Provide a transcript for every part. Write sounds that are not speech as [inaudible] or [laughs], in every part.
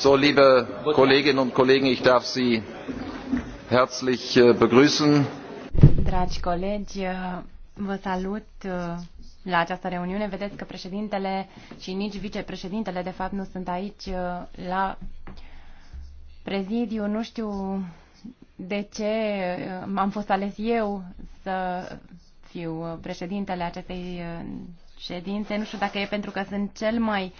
So, liebe Kolleginnen und Kollegen, ich darf Sie herzlich äh, begrüßen. Dragi colegi, uh, vă salut uh, la această reuniune. Vedeți că președintele și nici vicepreședintele, de fapt, nu sunt aici uh, la prezidiu. Nu știu de ce am fost ales eu să fiu președintele acestei ședințe. Nu știu dacă e pentru că sunt cel mai uh,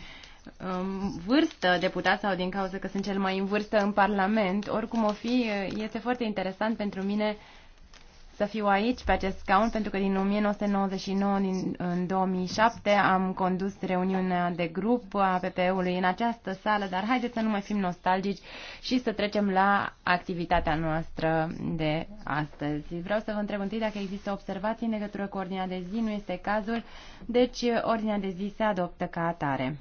Um, vârstă deputat sau din cauza că sunt cel mai în vârstă în Parlament. Oricum o fi, este foarte interesant pentru mine să fiu aici pe acest scaun, pentru că din 1999 din, în 2007 am condus reuniunea de grup a PPE-ului în această sală, dar haideți să nu mai fim nostalgici și să trecem la activitatea noastră de astăzi. Vreau să vă întreb întâi dacă există observații în legătură cu ordinea de zi, nu este cazul, deci ordinea de zi se adoptă ca atare.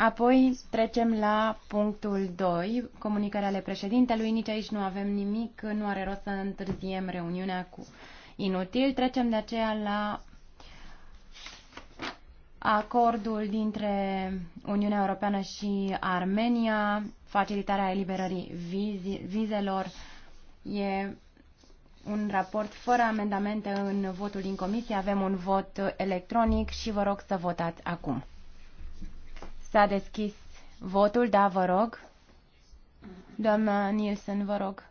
Apoi trecem la punctul 2, comunicarea ale președintelui. Nici aici nu avem nimic, nu are rost să întârziem reuniunea cu inutil. Trecem de aceea la acordul dintre Uniunea Europeană și Armenia, facilitarea eliberării vizelor. E un raport fără amendamente în votul din comisie. Avem un vot electronic și vă rog să votați acum. S-a deschis votul, da, vă rog. Doamna Nielsen, vă rog.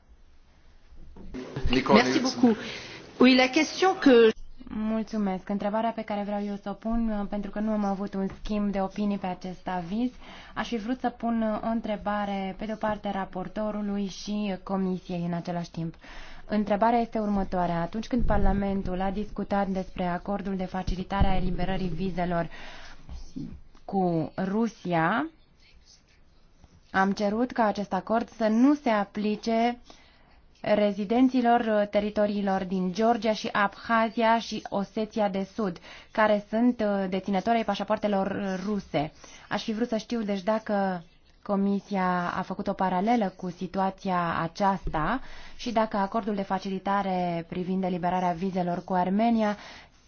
Mulțumesc. Întrebarea pe care vreau eu să o pun, uh, pentru că nu am avut un schimb de opinii pe acest aviz, aș fi vrut să pun uh, o întrebare, pe de-o parte, raportorului și comisiei în același timp. Întrebarea este următoarea. Atunci când Parlamentul a discutat despre acordul de facilitare a eliberării vizelor cu Rusia, am cerut ca acest acord să nu se aplice rezidenților uh, teritoriilor din Georgia și Abhazia și Oseția de Sud, care sunt uh, deținătorii pașapoartelor uh, ruse. Aș fi vrut să știu, deci, dacă Comisia a făcut o paralelă cu situația aceasta și dacă acordul de facilitare privind eliberarea vizelor cu Armenia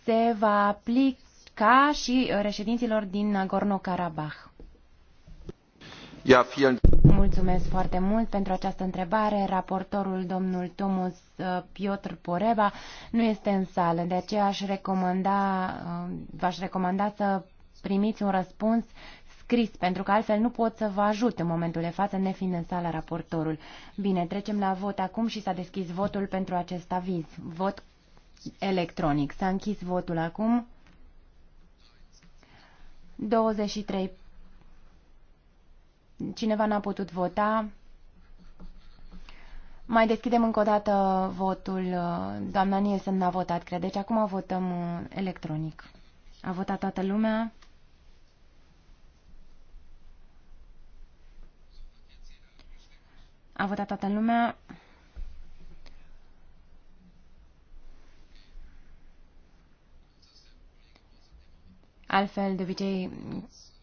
se va aplica ca și uh, reședinților din Nagorno-Karabakh. Mulțumesc foarte mult pentru această întrebare. Raportorul domnul Tomus uh, Piotr Poreba nu este în sală, de aceea aș recomanda, uh, v-aș recomanda să primiți un răspuns scris, pentru că altfel nu pot să vă ajut în momentul de față, nefiind în sală raportorul. Bine, trecem la vot acum și s-a deschis votul pentru acest aviz. Vot electronic. S-a închis votul acum. 23. Cineva n-a putut vota. Mai deschidem încă o dată votul. Doamna Nielsen n-a votat, cred. Deci acum votăm uh, electronic. A votat toată lumea. A votat toată lumea. Altfel, de obicei,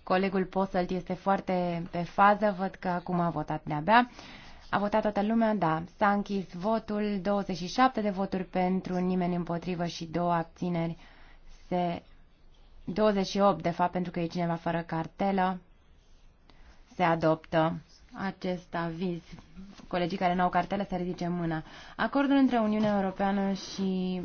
colegul Posselt este foarte pe fază, văd că acum a votat de-abia. A votat toată lumea? Da. S-a închis votul, 27 de voturi pentru, nimeni împotrivă și două abțineri. Se... 28, de fapt, pentru că e cineva fără cartelă. Se adoptă acest aviz. Colegii care nu au cartelă să ridice mâna. Acordul între Uniunea Europeană și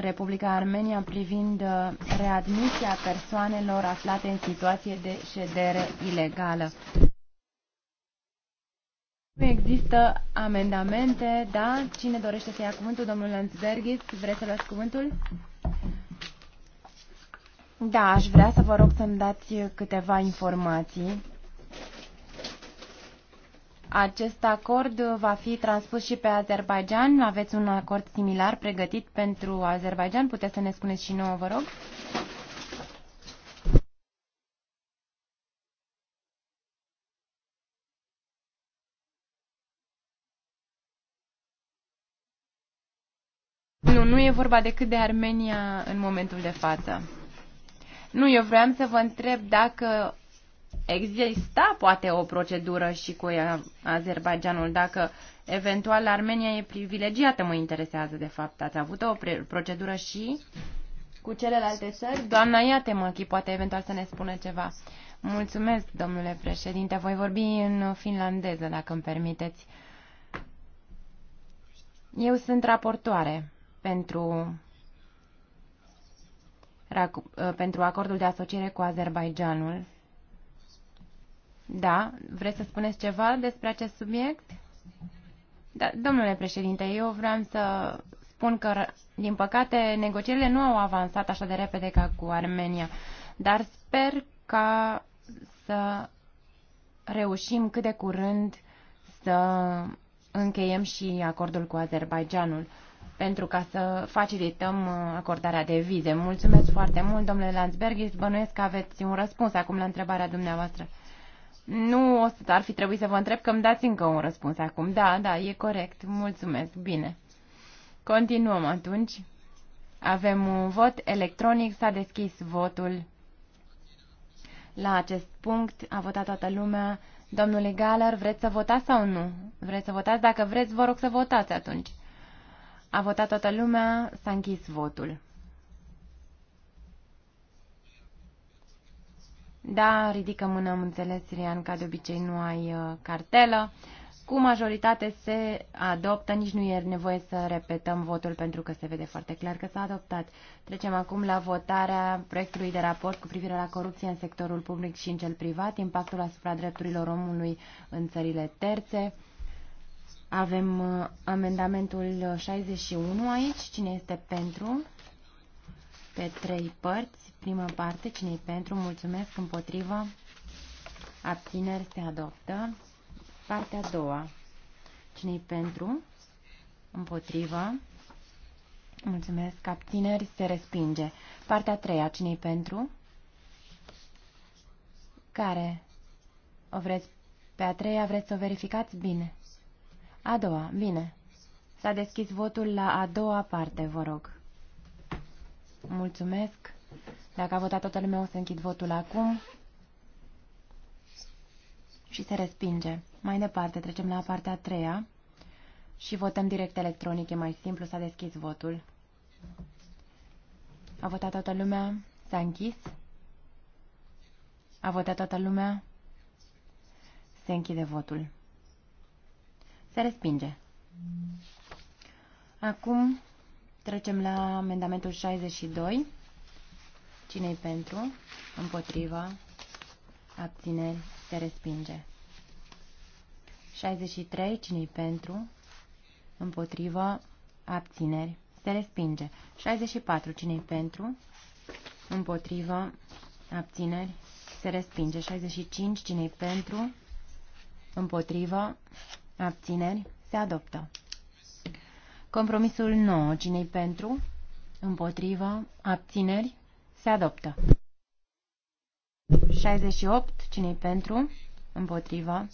Republica Armenia privind uh, readmisia persoanelor aflate în situație de ședere ilegală. Nu există amendamente, da? Cine dorește să ia cuvântul? Domnul Lanzbergis, vreți să luați cuvântul? Da, aș vrea să vă rog să-mi dați câteva informații. Acest acord va fi transpus și pe Azerbaijan. Aveți un acord similar pregătit pentru Azerbaijan? Puteți să ne spuneți și nouă, vă rog? Nu, nu e vorba decât de Armenia în momentul de față. Nu, eu vreau să vă întreb dacă exista poate o procedură și cu Azerbaijanul dacă eventual Armenia e privilegiată, mă interesează de fapt. Ați avut o procedură și cu celelalte țări? Doamna Iatemachi poate eventual să ne spună ceva. Mulțumesc, domnule președinte. Voi vorbi în finlandeză, dacă îmi permiteți. Eu sunt raportoare pentru, pentru acordul de asociere cu Azerbaijanul da, vreți să spuneți ceva despre acest subiect? Da, domnule președinte, eu vreau să spun că, din păcate, negocierile nu au avansat așa de repede ca cu Armenia, dar sper ca să reușim cât de curând să încheiem și acordul cu Azerbaijanul pentru ca să facilităm uh, acordarea de vize. Mulțumesc foarte mult, domnule Landsbergis. Bănuiesc că aveți un răspuns acum la întrebarea dumneavoastră. Nu o să, ar fi trebuit să vă întreb că îmi dați încă un răspuns acum. Da, da, e corect. Mulțumesc. Bine. Continuăm atunci. Avem un vot electronic. S-a deschis votul. La acest punct a votat toată lumea. Domnule Galer, vreți să votați sau nu? Vreți să votați? Dacă vreți, vă rog să votați atunci. A votat toată lumea, s-a închis votul. Da, ridică mâna, am înțeles, Rian, ca de obicei nu ai uh, cartelă. Cu majoritate se adoptă, nici nu e nevoie să repetăm votul pentru că se vede foarte clar că s-a adoptat. Trecem acum la votarea proiectului de raport cu privire la corupție în sectorul public și în cel privat, impactul asupra drepturilor omului în țările terțe. Avem uh, amendamentul 61 aici. Cine este pentru? pe trei părți. Prima parte, cine pentru, mulțumesc, împotrivă, abțineri, se adoptă. Partea a doua, cine pentru, împotrivă, mulțumesc, abțineri, se respinge. Partea a treia, cine pentru, care o vreți pe a treia, vreți să o verificați bine. A doua, bine. S-a deschis votul la a doua parte, vă rog. Mulțumesc. Dacă a votat toată lumea, o să închid votul acum. Și se respinge. Mai departe, trecem la partea a treia și votăm direct electronic. E mai simplu, s-a deschis votul. A votat toată lumea, s-a închis. A votat toată lumea, se închide votul. Se respinge. Acum Trecem la amendamentul 62. Cine-i pentru? Împotriva? Abțineri? Se respinge. 63. Cine-i pentru? Împotriva? Abțineri? Se respinge. 64. Cine-i pentru? Împotriva? Abțineri? Se respinge. 65. Cine-i pentru? Împotriva? Abțineri? Se adoptă. Compromisul 9. cine pentru? Împotrivă. Abțineri. Se adoptă. 68. cine pentru? Împotrivă.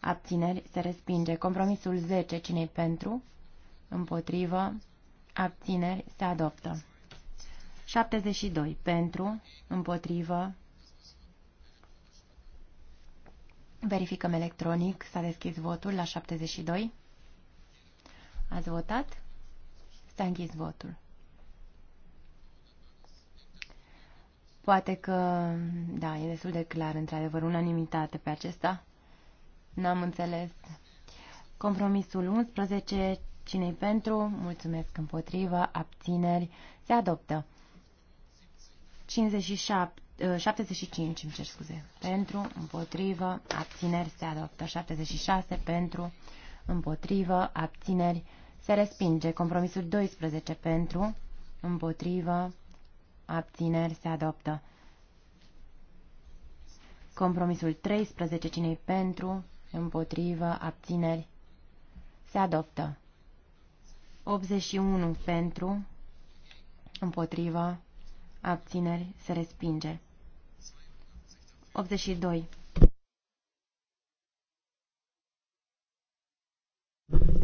Abțineri. Se respinge. Compromisul 10. cine pentru? Împotrivă. Abțineri. Se adoptă. 72. Pentru. Împotrivă. Verificăm electronic. S-a deschis votul la 72. Ați votat? S-a închis votul. Poate că, da, e destul de clar, într-adevăr, unanimitate pe acesta. N-am înțeles. Compromisul 11, cine pentru, mulțumesc împotriva, abțineri, se adoptă. 57, 75, eh, îmi cer scuze, pentru, împotrivă, abțineri, se adoptă. 76, pentru, împotrivă, abțineri, se respinge. Compromisul 12 pentru, împotrivă, abțineri, se adoptă. Compromisul 13, cine pentru, împotrivă, abțineri, se adoptă. 81 pentru, împotrivă, abțineri, se respinge. 82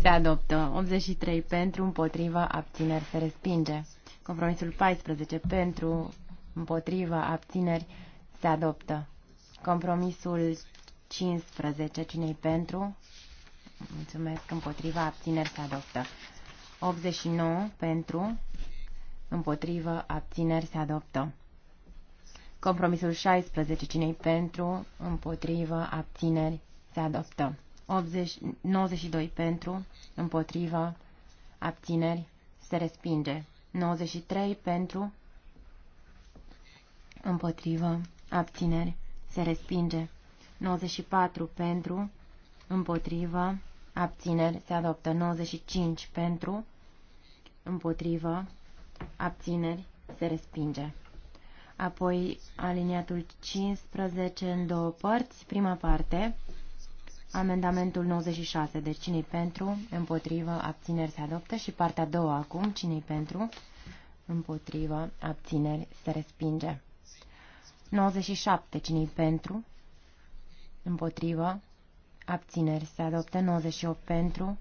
Se adoptă 83 pentru, împotriva, abțineri, se respinge. Compromisul 14 pentru, împotriva, abțineri, se adoptă. Compromisul 15, cine pentru? Mulțumesc, împotriva, abțineri, se adoptă. 89 pentru, împotrivă, abțineri, se adoptă. Compromisul 16, cine pentru, împotrivă, abțineri, se adoptă. 80, 92 pentru, împotriva, abțineri, se respinge. 93 pentru, împotrivă, abțineri, se respinge. 94 pentru, împotrivă, abțineri, se adoptă. 95 pentru, împotrivă, abțineri, se respinge. Apoi aliniatul 15 în două părți, prima parte, Amendamentul 96, deci cine pentru, împotrivă, abțineri se adoptă și partea a doua acum, cine pentru, împotrivă, abțineri se respinge. 97, cine pentru, împotrivă, abțineri se adoptă, 98 pentru,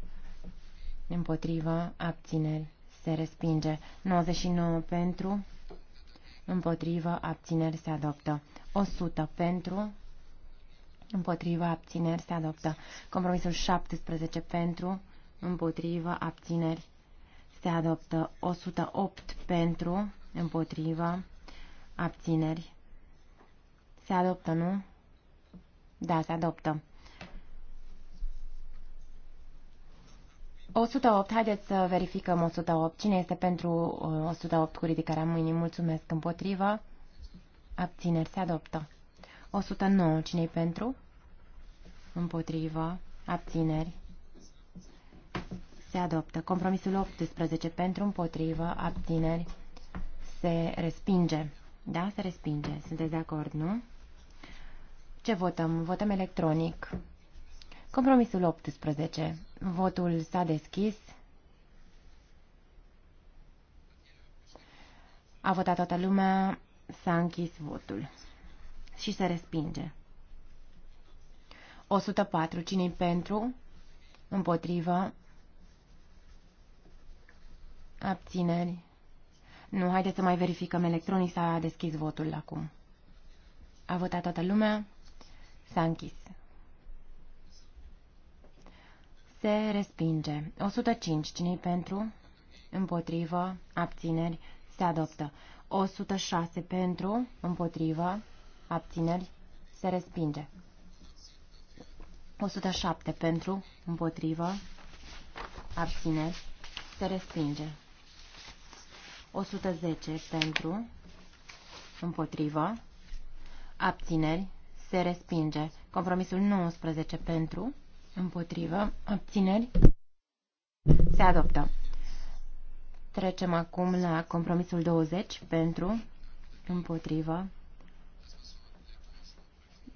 împotrivă, abțineri se respinge, 99 pentru, împotrivă, abțineri se adoptă, 100 pentru, Împotriva abțineri se adoptă. Compromisul 17 pentru. Împotriva abțineri se adoptă. 108 pentru. Împotriva abțineri. Se adoptă, nu? Da, se adoptă. 108, haideți să verificăm 108. Cine este pentru 108 uh, cu ridicarea mâinii? Mulțumesc împotriva. Abțineri se adoptă. 109. cine pentru? Împotrivă. Abțineri. Se adoptă. Compromisul 18 pentru, împotrivă, abțineri. Se respinge. Da? Se respinge. Sunteți de acord, nu? Ce votăm? Votăm electronic. Compromisul 18. Votul s-a deschis. A votat toată lumea. S-a închis votul și se respinge. 104. cine pentru? Împotrivă. Abțineri. Nu, haideți să mai verificăm electronic. S-a deschis votul acum. A votat toată lumea. S-a închis. Se respinge. 105. cine pentru? Împotrivă. Abțineri. Se adoptă. 106 pentru. Împotrivă abțineri, se respinge. 107 pentru, împotrivă, abțineri, se respinge. 110 pentru, împotrivă, abțineri, se respinge. Compromisul 19 pentru, împotrivă, abțineri, se adoptă. Trecem acum la compromisul 20 pentru, împotrivă,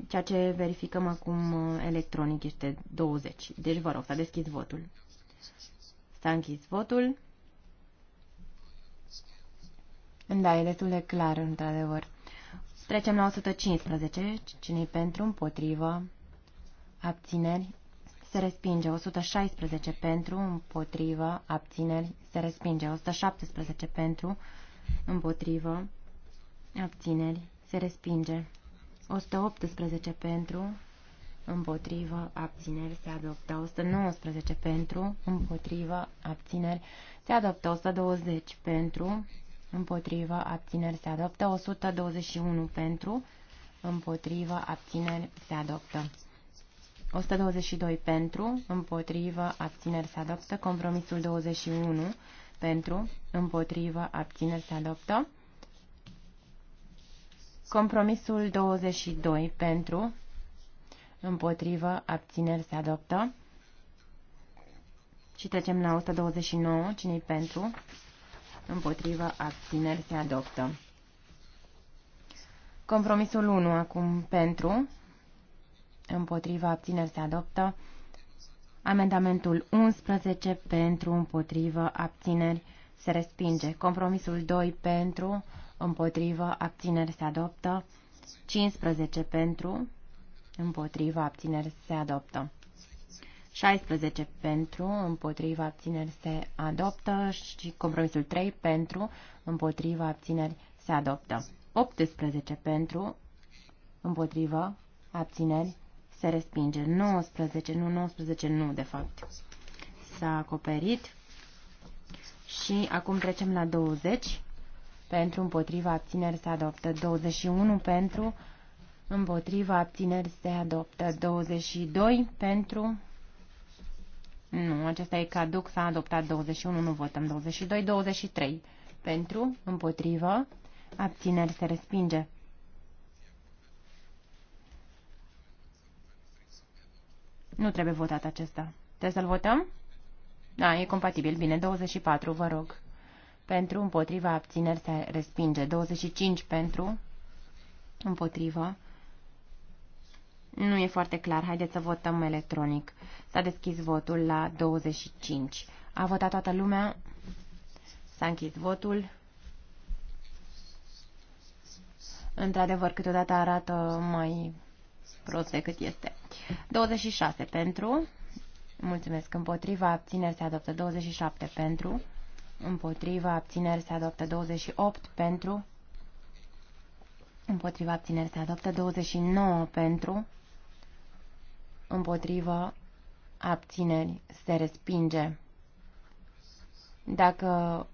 Ceea ce verificăm acum uh, electronic este 20. Deci vă rog, s-a deschis votul. S-a închis votul. Da, e destul de clar, într-adevăr. Trecem la 115. Cine-i pentru? Împotrivă. Abțineri. Se respinge. 116 pentru. Împotrivă. Abțineri. Se respinge. 117 pentru. Împotrivă. Abțineri. Se respinge. 118 pentru, împotrivă, abțineri, se adoptă. 119 pentru, împotrivă, abțineri, se adoptă. 120 pentru, împotrivă, abțineri, se adoptă. 121 pentru, împotrivă, abțineri, se adoptă. 122 pentru, împotrivă, abțineri, se adoptă. Compromisul 21 pentru, împotrivă, abțineri, se adoptă. Compromisul 22 pentru, împotrivă, abțineri se adoptă. Și trecem la 129, cine pentru, împotrivă, abțineri se adoptă. Compromisul 1 acum pentru, împotrivă, abțineri se adoptă. Amendamentul 11 pentru, împotrivă, abțineri se respinge. Compromisul 2 pentru, împotrivă, abțineri se adoptă. 15 pentru, împotrivă, abțineri se adoptă. 16 pentru, împotrivă, abțineri se adoptă și compromisul 3 pentru, împotrivă, abțineri se adoptă. 18 pentru, împotrivă, abțineri se respinge. 19, nu, 19, nu, de fapt. S-a acoperit. Și acum trecem la 20 pentru, împotriva abțineri se adoptă 21 pentru, împotriva abțineri se adoptă 22 pentru, nu, acesta e caduc, s-a adoptat 21, nu votăm 22, 23 pentru, împotriva, abțineri se respinge. Nu trebuie votat acesta. Trebuie să-l votăm? Da, e compatibil. Bine, 24, vă rog pentru, împotriva, abțineri se respinge. 25 pentru, împotriva. Nu e foarte clar. Haideți să votăm electronic. S-a deschis votul la 25. A votat toată lumea. S-a închis votul. Într-adevăr, câteodată arată mai prost decât este. 26 pentru. Mulțumesc. Împotriva abțineri se adoptă 27 pentru împotriva abțineri se adoptă 28 pentru, împotriva abțineri se adoptă 29 pentru, împotriva abțineri se respinge. Dacă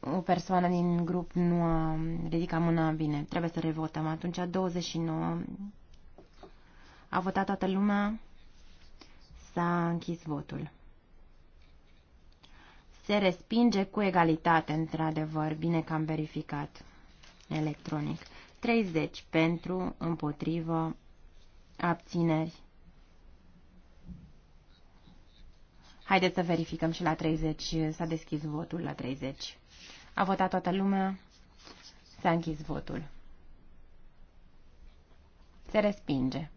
o persoană din grup nu a ridicat mâna, bine, trebuie să revotăm. Atunci 29 a votat toată lumea, s-a închis votul se respinge cu egalitate, într-adevăr, bine că am verificat electronic. 30 pentru, împotrivă, abțineri. Haideți să verificăm și la 30. S-a deschis votul la 30. A votat toată lumea. S-a închis votul. Se respinge.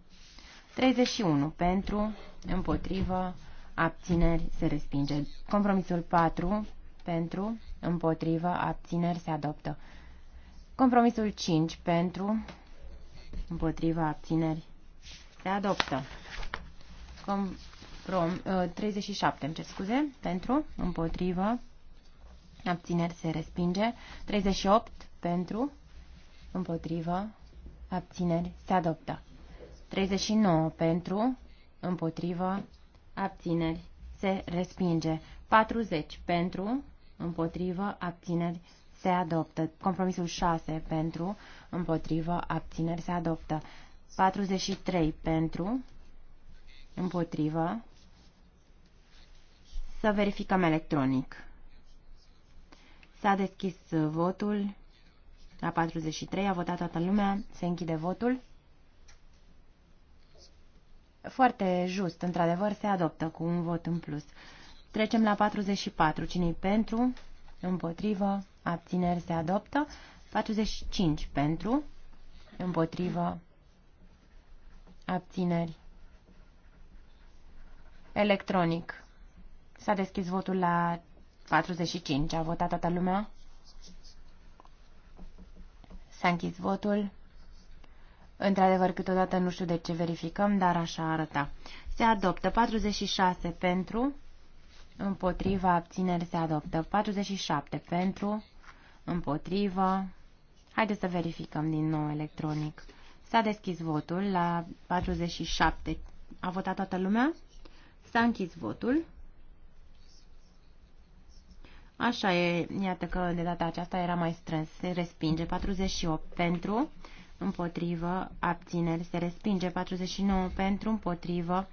31 pentru, împotrivă, abțineri, se respinge. Compromisul 4, pentru, împotrivă, abțineri, se adoptă. Compromisul 5, pentru, împotrivă, abțineri, se adoptă. Com uh, 37, îmi cer scuze, pentru, împotrivă, abțineri se respinge, 38 pentru, împotrivă, abțineri se adoptă, 39 pentru, împotrivă, abțineri, se respinge. 40 pentru, împotrivă, abțineri, se adoptă. Compromisul 6 pentru, împotrivă, abțineri, se adoptă. 43 pentru, împotrivă. Să verificăm electronic. S-a deschis votul la 43, a votat toată lumea, se închide votul. Foarte just, într-adevăr, se adoptă cu un vot în plus. Trecem la 44. Cine-i pentru? Împotrivă. Abțineri se adoptă. 45 pentru. Împotrivă. Abțineri. Electronic. S-a deschis votul la 45. A votat toată lumea? S-a închis votul. Într-adevăr, câteodată nu știu de ce verificăm, dar așa arăta. Se adoptă 46 pentru, împotriva, abțineri se adoptă 47 pentru, împotrivă. Haideți să verificăm din nou electronic. S-a deschis votul la 47. A votat toată lumea? S-a închis votul. Așa e, iată că de data aceasta era mai strâns. Se respinge 48 pentru, împotrivă, abțineri se respinge. 49 pentru, împotrivă,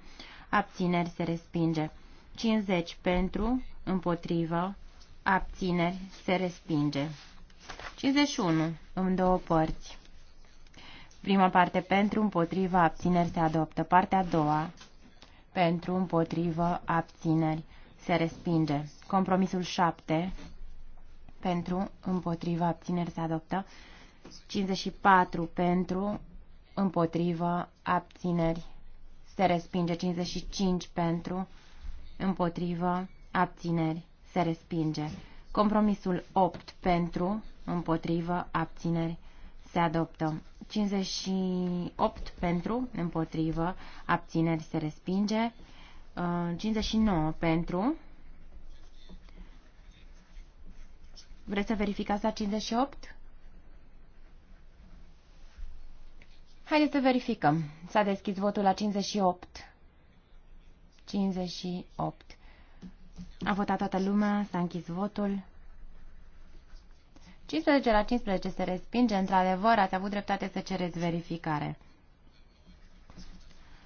abțineri se respinge. 50 pentru, împotrivă, abțineri se respinge. 51 în două părți. Prima parte pentru, împotrivă, abțineri se adoptă. Partea a doua pentru, împotrivă, abțineri se respinge. Compromisul 7 pentru, împotrivă, abțineri se adoptă. 54 pentru, împotrivă, abțineri. Se respinge 55 pentru, împotrivă, abțineri. Se respinge. Compromisul 8 pentru, împotrivă, abțineri. Se adoptă. 58 pentru, împotrivă, abțineri. Se respinge. 59 uh, pentru. Vreți să verificați la 58? Haideți să verificăm. S-a deschis votul la 58. 58. A votat toată lumea, s-a închis votul. 15 la 15 se respinge, într-adevăr, ați avut dreptate să cereți verificare.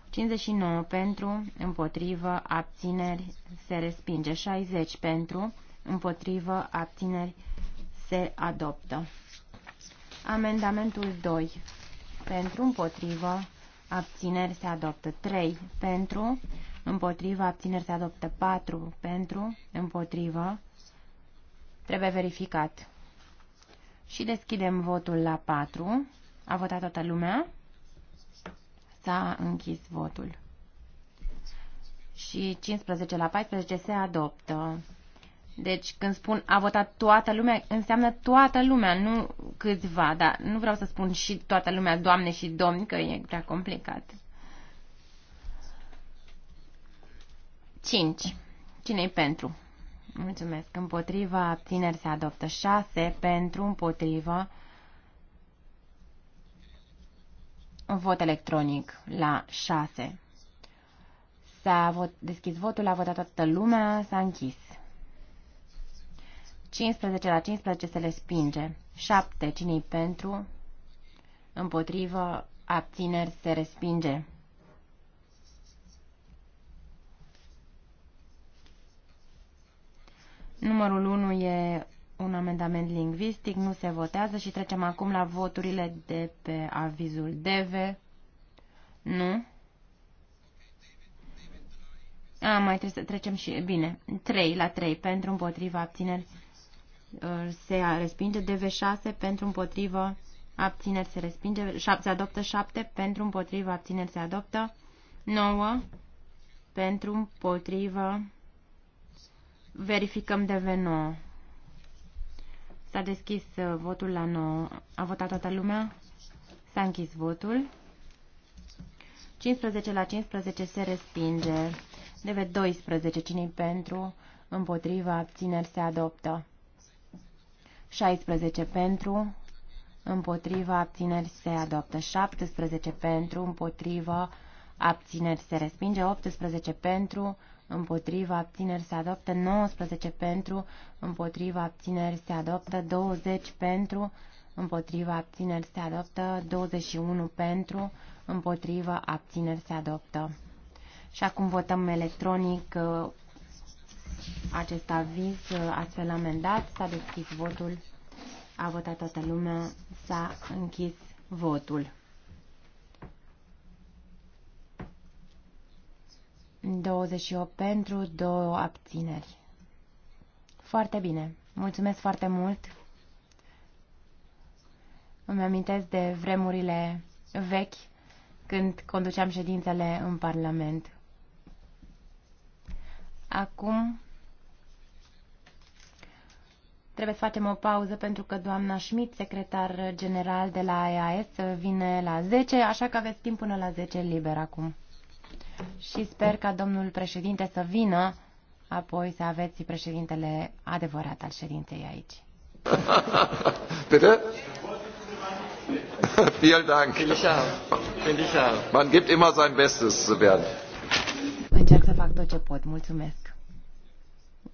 59 pentru, împotrivă, abțineri, se respinge. 60 pentru, împotrivă, abțineri, se adoptă. Amendamentul 2 pentru, împotrivă, abțineri se adoptă 3 pentru, împotrivă, abțineri se adoptă 4 pentru, împotrivă, trebuie verificat. Și deschidem votul la 4. A votat toată lumea. S-a închis votul. Și 15 la 14 se adoptă. Deci când spun a votat toată lumea, înseamnă toată lumea, nu câțiva, dar nu vreau să spun și toată lumea, doamne și domni, că e prea complicat. 5. cine e? pentru? Mulțumesc. Împotriva, abțineri se adoptă 6, pentru, împotriva, vot electronic la 6. S-a vot, deschis votul, a votat toată lumea, s-a închis. 15 la 15 se le spinge. 7. cine pentru? Împotrivă. Abțineri se respinge. Numărul 1 e un amendament lingvistic, nu se votează și trecem acum la voturile de pe avizul DEVE. Nu. A, mai trebuie să trecem și... Bine, 3 la 3 pentru împotriva abțineri Uh, se respinge, DV6 pentru împotrivă, abțineri se respinge, 7 se adoptă, 7 pentru împotrivă, abțineri se adoptă, 9 pentru împotrivă, verificăm DV9. S-a deschis uh, votul la 9. A votat toată lumea? S-a închis votul. 15 la 15 se respinge. DV12, cine pentru? împotrivă abțineri se adoptă. 16 pentru, împotriva, abțineri se adoptă. 17 pentru, împotriva, abțineri se respinge. 18 pentru, împotriva, abțineri se adoptă. 19 pentru, împotriva, abțineri se adoptă. 20 pentru, împotriva, abțineri se adoptă. 21 pentru, împotriva, abțineri se adoptă. Și acum votăm electronic uh, acest aviz astfel amendat. S-a deschis votul, a votat toată lumea, s-a închis votul. 28 pentru, 2 abțineri. Foarte bine. Mulțumesc foarte mult. Îmi amintesc de vremurile vechi când conduceam ședințele în Parlament. Acum Trebuie să facem o pauză pentru că doamna Schmidt, secretar general de la EAS, vine la 10, așa că aveți timp până la 10 liber acum. Și sper ca domnul președinte să vină, apoi să aveți președintele adevărat al ședinței aici. [laughs] Bitte? Vielen Dank. Finde ich Man gibt immer sein Bestes, Bernd. Încerc să fac tot ce pot. Mulțumesc.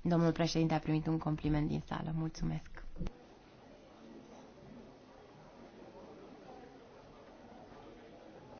Domnul președinte a primit un compliment din sală. Mulțumesc.